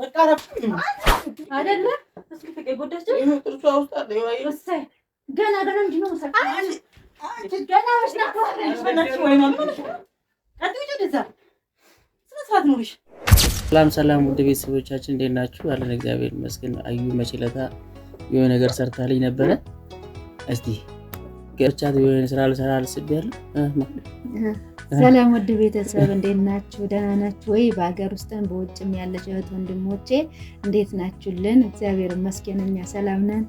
በቃ አይደለም። እስኪ ፍቄ ጎዳቸው። እሷ ውስጥ አለ ገና ገና እንዲህ ነው ሰላም ሰላም፣ ውድ ቤተሰቦቻችን እንዴት ናችሁ? አለን እግዚአብሔር ይመስገን። አዩ መችለታ የሆነ ነገር ሰርታልኝ ነበረ። እስቲ ገብቻት የሆነ ስራ ልሰራ አልስቤያለሁ ሰላም ውድ ቤተሰብ እንዴት ናችሁ? ደህና ናችሁ ወይ? በሀገር ውስጥም በውጭም ያለች እህት ወንድሞቼ እንዴት ናችሁልን? እግዚአብሔር ይመስገን እኛ ሰላም ነን።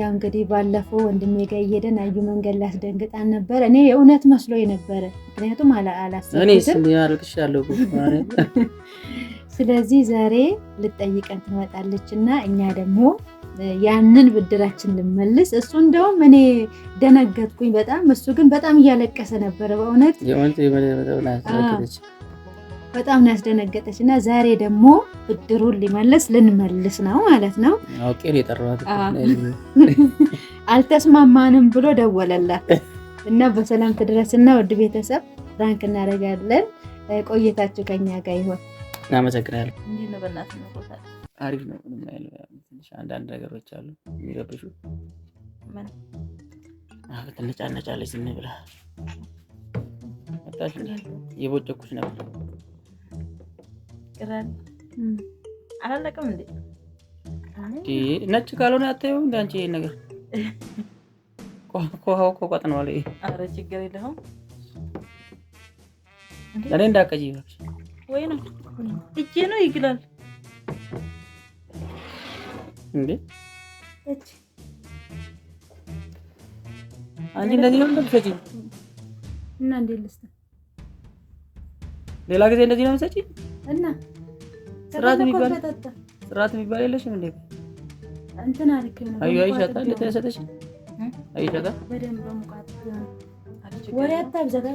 ያው እንግዲህ ባለፈው ወንድሜ ጋር እየሄደን አዩ መንገድ ላስደንግጣን ነበረ። እኔ የእውነት መስሎ ነበረ፣ ምክንያቱም አላሰብኩትም ስለዚህ ዛሬ ልጠይቀን ትመጣለች እና እኛ ደግሞ ያንን ብድራችን ልመልስ። እሱ እንደውም እኔ ደነገጥኩኝ በጣም እሱ ግን በጣም እያለቀሰ ነበረ። በእውነት በጣም ነው ያስደነገጠች እና ዛሬ ደግሞ ብድሩን ሊመልስ ልንመልስ ነው ማለት ነው። አልተስማማንም ብሎ ደወለላት እና በሰላም ትድረስና ውድ ቤተሰብ ራንክ እናደርጋለን። ቆይታችሁ ከኛ ጋር ይሆን እናመሰግናለን። አሪፍ ነው። ትንሽ አንዳንድ ነገሮች አሉ የሚረብሹ ትነጫነጫለች። ዝም ብላ መጣች። የቦጨኩሽ ነበር አላለቅም እንዴ? ነጭ ካልሆነ አታየው እንደ አንቺ ይሄን ነገር ኮሃው ኮቋጥ ነው ችግር የለውም እኔ እንዳቀጂ ወይ ነው እጄ ነው ይግላል እንዴ? እቺ አንቺ እንደዚህ ነው እንደምትሰጪ እና እንዴት ልስተ ሌላ ጊዜ እንደዚህ ነው የምትሰጪ እና ስርዓት የሚባል ስርዓት የሚባል የለሽም እንዴ? እንትን አልክ ነው አዩ አይሻታ ለተሰጠሽ አይሻታ በደንብ በሙቃት ወሬ አታብዛ ጋር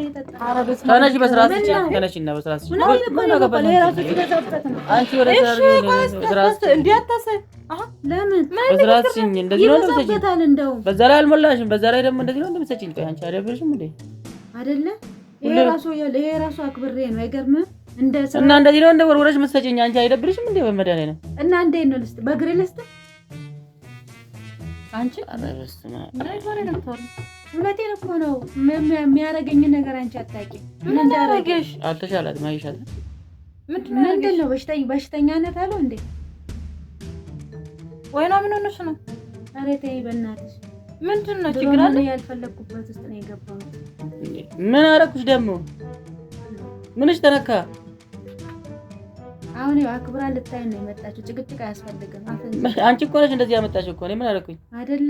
ተነሽ በስርዓት ተነሽ እና በስርዓት በዛ ላይ አልሞላሽም። በዛ ላይ ደግሞ እንደዚህ ነው እንደምትሰጪኝ። ቆይ አንቺ አይደብርሽም እንዴ? አይደለ ይሄ ራሱ ይሄ ራሱ አክብሬ ነው። አይገርምም? እንደ እና እንደዚህ ነው እንደ ወርወረሽ የምትሰጪኝ። አንቺ አይደብርሽም እንዴ? በመድኃኒዓለም እና እንዴ ነው ልስጥ በእግሬ ልስጥ አንቺ እውነቴን እኮ ነው። ነገር አንቺ አታውቂም። ምን አደረገሽ? አልተሻላትም። አይሻልም። ምንድን ነው በሽተኛነት አለው እንዴ? ወይና ምን ሆነሽ ነው? ኧረ ተይ በእናትሽ። ምንድን ነው ችግር አለ? ያልፈለግኩበት ውስጥ ነው የገባው ምን አደረኩሽ ደግሞ? ምንሽ ተነካ? አሁን ያው አክብራ ልታይ ነው የመጣችው። ጭቅጭቅ አያስፈልግም። አንቺ እኮ ነሽ እንደዚህ ያመጣችው እኮ። ምን አደረኩኝ? አይደለ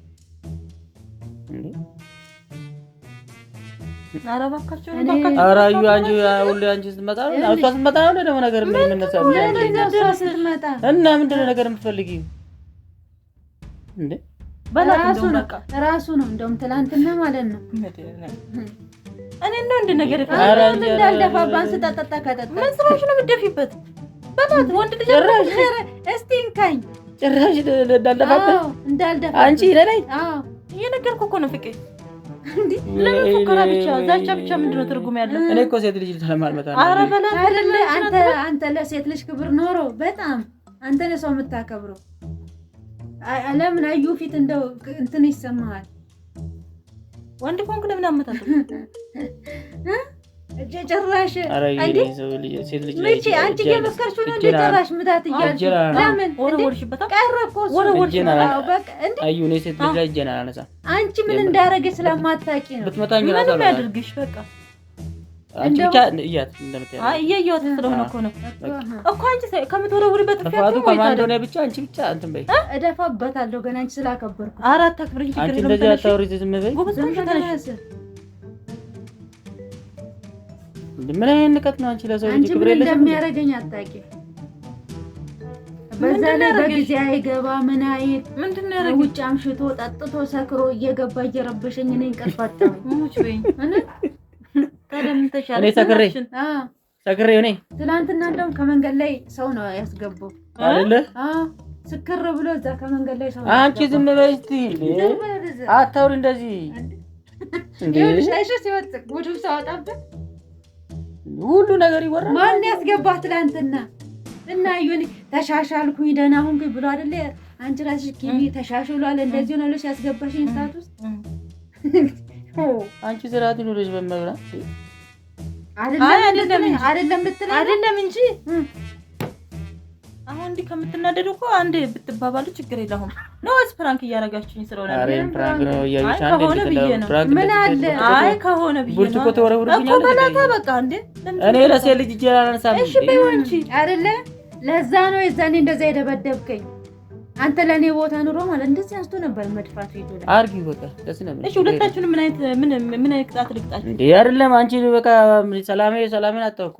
ኧረ እባካቸው ኧረ አንቺ ሁሌ አንቺ ስትመጣ እሷ ስትመጣ ነው ደግሞ ነገር የምነሳው እና ምንድን ነው ነገር የምትፈልጊው እንደ በእራሱ ነው እራሱ ነው እንደውም ትናንትና ማለት ነው እኔ እንደው እንደ ነገር እንዳልደፋባን ስጠጠጣ ከጠጣ ምን ስራሽ ነው የምትደፊበት በላት ወንድ ልጅ እስቲ እንካኝ ጭራሽ እንዳልደፋበት እንዳልደፋ አንቺ ለላይ እየነገርኩህ እኮ ነው ፍቄ ለምን ብቻ ዛቻ ብቻ ምንድን ትርጉም ያለው? እኔ እኮ ሴት ልጅ ለማልመጣ አንተ ለሴት ልጅ ክብር ኖሮ በጣም አንተ ነህ ሰው የምታከብረው። ለምን አዩ ፊት እንደው እንትን ይሰማሃል? ወንድ ኮንክ ለምን አመጣጥ እጄ ጭራሽ አንቺ ምን እንዳደረገች ስለማታውቂ ነው። ምንም ያድርግሽ በቃ እያየኋት ስለሆነ እኮ ነው እኮ አንቺ ከምትወረውሪበት ብቻ አንቺ ብቻ እንትን በይ፣ እደፋበታለሁ ገና አንቺ ስላከበርኩ አራት አክብርኝ ምን አይነት ንቀት ነው? አንቺ ለሰው ልጅ ክብር የለሽም። እንደሚያደርገኝ አታውቂም። በዛ ላይ በጊዜ አይገባ ምን አይል ምንድን ነው ያደረገኝ? ውጭ አምሽቶ ጠጥቶ ሰክሮ እየገባ እየረበሸኝ እኔ እንቅልፍ አጣሁ። እኔ ሰክሬ ሰክሬ እኔ ትናንትና እንደውም ከመንገድ ላይ ሰው ነው ያስገባው አይደለ? ስክር ብሎ እዛ ከመንገድ ላይ ሰው አንቺ ዝም በይ እስኪ አታውሪ እንደዚህ ሁሉ ነገር ይወራል። ማን ያስገባህ? ትላንትና እና ዩኒ ተሻሻልኩኝ ደህና ሁንኩኝ ብሎ አይደለ? አንቺ ራስሽ ኪሚ ተሻሽሏል እንደዚህ ነው ልጅ ያስገባሽኝ ሰዓት ውስጥ አንቺ ስርዓት ይኑርሽ በመብራት አይደለም አይደለም አይደለም እንጂ አሁን እንዲህ ከምትናደዱ እኮ አንድ ብትባባሉ ችግር የለውም። ነው ፕራንክ እያደረጋችሁኝ ስለሆነ ከሆነ ብዬ ነው። ምን አለ አይ ከሆነ ብዬ ነው እኮ በላታ በቃ እንደ እኔ ለሴት ልጅ እጄ አላነሳም። እሺ በይው እንጂ አይደለ ለዛ ነው የዛኔ እንደዛ የደበደብከኝ። አንተ ለእኔ ቦታ ኑሮ ማለት እንደዚህ አስቶ ነበር መድፋቱ ይጎዳል። አርጊ በቃ ደስ ነው። እሺ ሁለታችሁን ምን አይነት ምን ምን አይነት ቅጣት ልቅጣችሁ እንዴ? አይደለም አንቺ በቃ ሰላሜ ሰላሜን አጣኩ።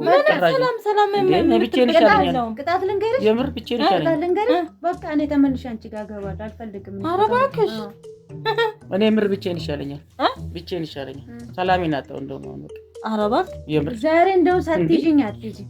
ሰላም ሰላም ምን ብቻዬን ይሻለኛል። ቅጣት ልንገርሽ፣ የምር ብቻዬን ይሻለኛል። ቅጣት ልንገርሽ፣ በቃ እኔ ተመልሼ አንቺ ጋር እገባለሁ። አልፈልግም። ኧረ እባክሽ እኔ የምር ብቻዬን ይሻለኛል። ብቻዬን ይሻለኛል። ሰላሜን አጣሁ። እንደውም አሁን በቃ ኧረ እባክሽ የምር ዛሬ እንደው ሳትይዥኝ አትይዥኝ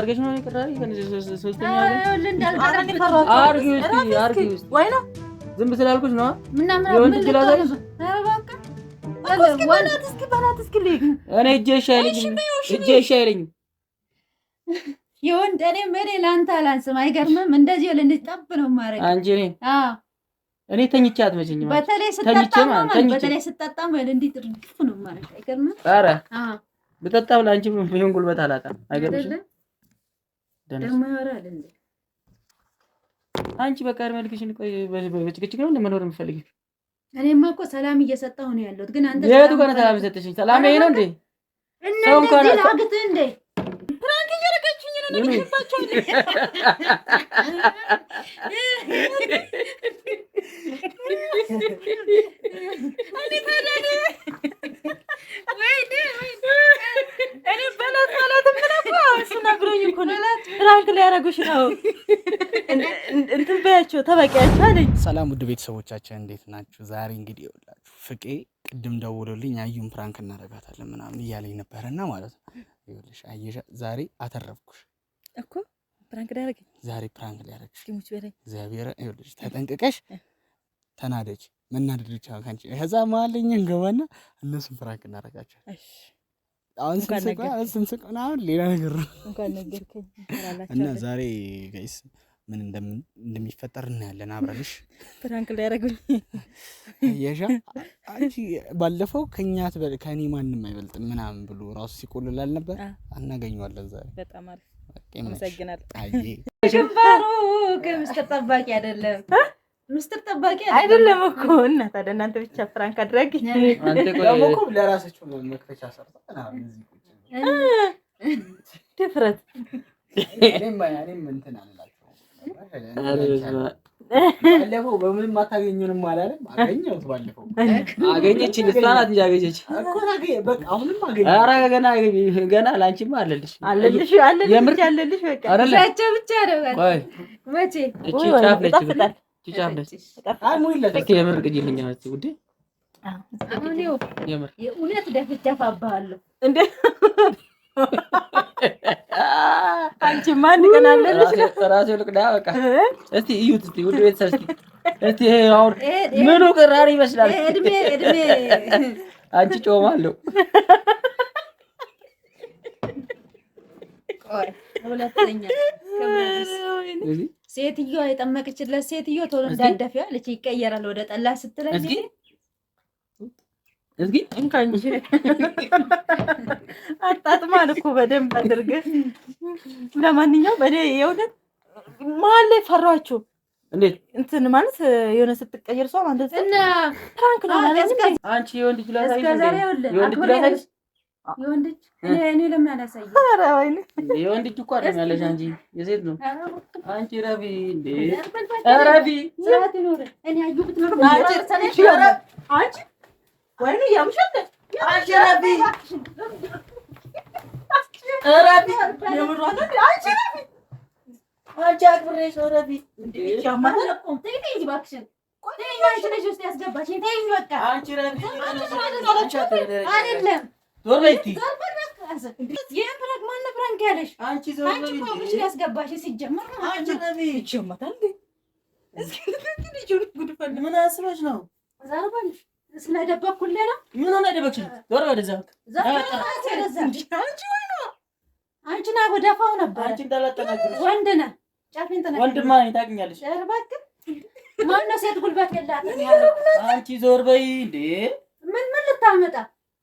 አድርገሽ ነው ወይ ዝም ስላልኩሽ ነው። የወንድ እኔ መሬ ለአንተ አላንስም። አይገርምም? እንደዚህ ልንጅ ጠብ ነው ማረግ አንቺ እኔ እኔ ተኝቼ አትመችኝም። በተለይ ስጠጣም በተለይ ስጠጣም እንዲህ ጥርግፍ ነው ማረግ አይገርምም? ኧረ ብጠጣም ለአንቺ ይሄን ጉልበት አላጣም። አይገርምሽም? ደግሞ ያወራል አንቺ በቃ መልክሽን ቆይ፣ በጭቅጭቅ ነው እንደመኖር እኔማ እኮ ሰላም እየሰጠሁ ነው ያለሁት፣ ግን አንተ የቱ ሰላም የሰጠሽኝ? ሰላም ይሄ ነው እንዴ? እንዴ ፕራንክ ነው ነው ፕራንክ ሊያደርጉሽ ነው። እንትን በያቸው ተበቂያቸው አለኝ። ሰላም ውድ ቤተሰቦቻችን እንዴት ናችሁ? ዛሬ እንግዲህ ይኸውላችሁ ፍቄ ቅድም ደውሎልኝ አዩን ፕራንክ እናደርጋታለን ምናምን እያለኝ ነበረና ማለት ነው። ይኸውልሽ አየሻ፣ ዛሬ አተረፍኩሽ እኮ ፕራንክ ሊያደርገኝ ዛሬ ፕራንክ ሊያደርግሽ እግዚአብሔር። ይኸውልሽ ተጠንቅቀሽ ተናደጅ መናደድ ብቻ ከአንቺ ከዛ መሀል እኛ እንገባና እነሱን ፕራንክ እናደርጋቸው አሁን ስንስቅ ምናምን ሌላ ነገር እና ዛሬ ጋይስ ምን እንደሚፈጠር እናያለን። አብረንሽ ፍራንክ ሊያደርጉኝ የሻ አንቺ ባለፈው ከኛ ትበል ከእኔ ማንም አይበልጥም ምናምን ብሎ ራሱ ሲቆልላል ነበር። እናገኘዋለን ዛሬ። በጣም አሪፍ አመሰግናለሁ። ሽባሩ ከምስከ ጠባቂ አይደለም ምስጢር ጠባቂ አይደለም እኮ እና ታዲያ እናንተ ብቻ ፍራንክ አድራጊ ለራሳችሁ መክፈቻ ሰርታ ድፍረት ባለፈው በምንም አታገኙንም አላለም። አገኘሁት ባለፈው አገኘችኝ። እሷ ናት እንጂ አገኘች። ኧረ ገና ገና ለአንቺማ አለልሽ አለልሽ አለልሽ አለልሽ በቃ ብቻ ብቻ ነው መቼ የምር ቅጂልኛ ውዴ፣ የእውነት ደፍደፋብሃለሁ። እንደ አንቺ ማን ቀናለች? ራሴ ልቅዳ። በቃ እስቲ እዩት፣ እስቲ ውድ ቤተሰብ፣ እስቲ አሁን ምኑ ቅራሪ ይመስላል? እድሜ እድሜ አንቺ ጮማለሁ ሁለተኛ ሴትዮዋ የጠመቀችለት ሴትዮ ቶሎ እንዳደፊያ ልጅ ይቀየራል ወደ ጠላ ስትለኝ እስኪ እስኪ እንካ እንጂ አጣጥማን እኮ በደንብ አድርገህ። ለማንኛውም እኔ የእውነት መሀል ላይ ፈራችሁ። እንዴት እንትን ማለት የሆነ ስትቀየር ሰው ማለት እና ነው ማለት ነው። አንቺ የወንድ ጅላታ ይዘህ የወንድ ጅላታ የወንድ ልጅ እኔ ለምን አላሳየም? ኧረ ወይኔ የወንድ ልጅ እኮ አይደለም ያለሽ አንቺ የሴት ነው። አንቺ ረቢ እንዴ! ረቢ አንቺ ረቢ ዞር በይ እስኪ ምን አስበሽ ሴት ጉልበት የላትም? አንቺ ዞር በይ እንዴ! ምን ምን ልታመጣ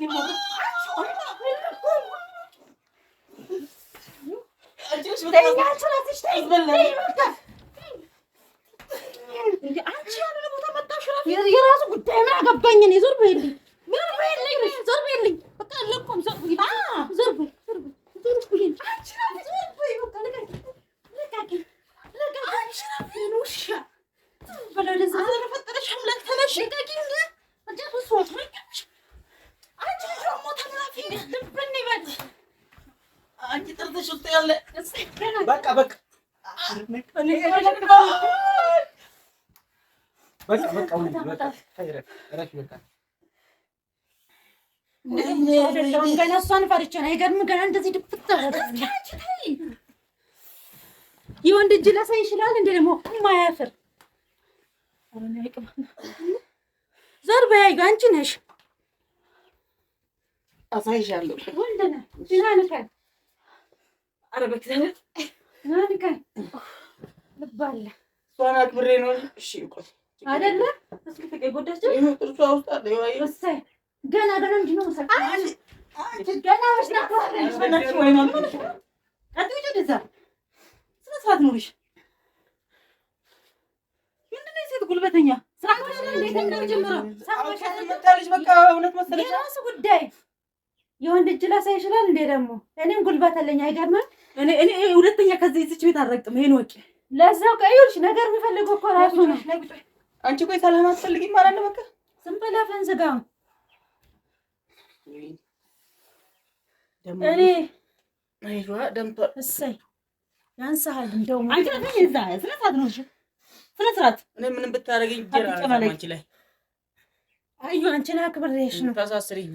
limonu. Sen gel şurası işte. Ezberle. Aç yanını bu da mı taşırak. Yarası bu demeye kaptan yine zor böyle. ገና እሷን ፈርቼ ነው። አይገርም ገና እንደዚህ ድብት የወንድ እጅ ላሳይ ይችላል። እንደ ደግሞ ማያፍር ዘር በያዩ አንቺ ነሽ አሳይሻለሁ። ወንድ ነህ አንድ ቀን ልባለ እሷን አክብሬ ነው እሺ። ቆይ አይደለ እስኪ ተቀይ ጎዳቸው። ይሄ ውስጥ አለ ይዋይ እሰይ ገና ገና እንጂ ነው ሰቃ አንቺ ገና ወሽ ናፋረሽ በናሽ ወይ ነው አንቺ ወደ ደዛ ስነ ስርዓት ኑሪሽ። ምንድን ነው የሴት ጉልበተኛ ስራ ነው። እንዴት ነው ጀምሮ በቃ እውነት መሰለሽ የራሱ ጉዳይ የወንድ እጅ ላሳ ይችላል እንዴ? ደግሞ እኔም ጉልበት አለኝ። አይገርምም? እኔ እኔ ሁለተኛ ከዚህ እዚች ቤት አልረግጥም። ይሄን ወቂ ለዛው ቀዩልሽ ነገር የሚፈልገው እኮ ራሱ ነው። አንቺ ቆይ ሰላም አትፈልጊም ማለት ነው? በቃ ዝም ብለህ ፈንዝጋው። እኔ አይዋ ደምቶ እሰይ ያንሳሃል። እንደው አንቺ እዛ ነው። እሺ እኔ ምንም ብታረገኝ አንቺ ላይ አዩ አንቺ ላይ አክብሬሽ ነው ታሳስሪኝ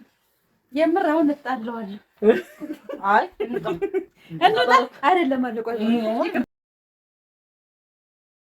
የምር አሁን እጣለዋለሁ። አይ አይደለም አለቆ